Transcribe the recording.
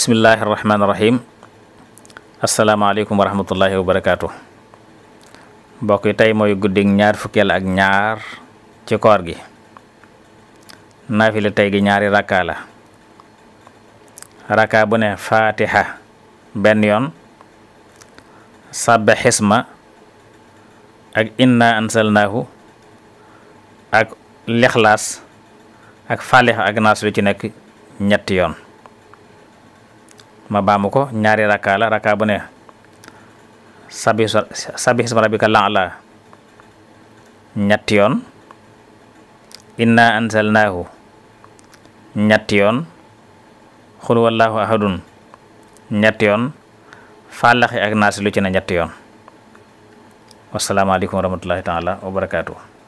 bismillahi rahmaani rahim asalaamaaleykum wa rahmatullahi wa barakaatu mbokk yi tey mooy guddig ñaar fukkeel ak ñaar ci koor gi naafila tey gi ñaari rakka la rakka bu ne fatiha benn yoon sabbe xisma ak inna ansalnaahu ak lixlaas ak falixa ak naas ci nekk ñetti yoon ma baamu ko ñaari rakka la rakka bu ne sabi sabi isma rabbika la'la ñetti yoon inna anzalnaahu ñetti yoon xul wallahu ahadun ñetti yoon fàllaxi ak naasi lu ci ne ñetti yoon wasalaamaaleykum wa rahmatullahi taala wa barakaatu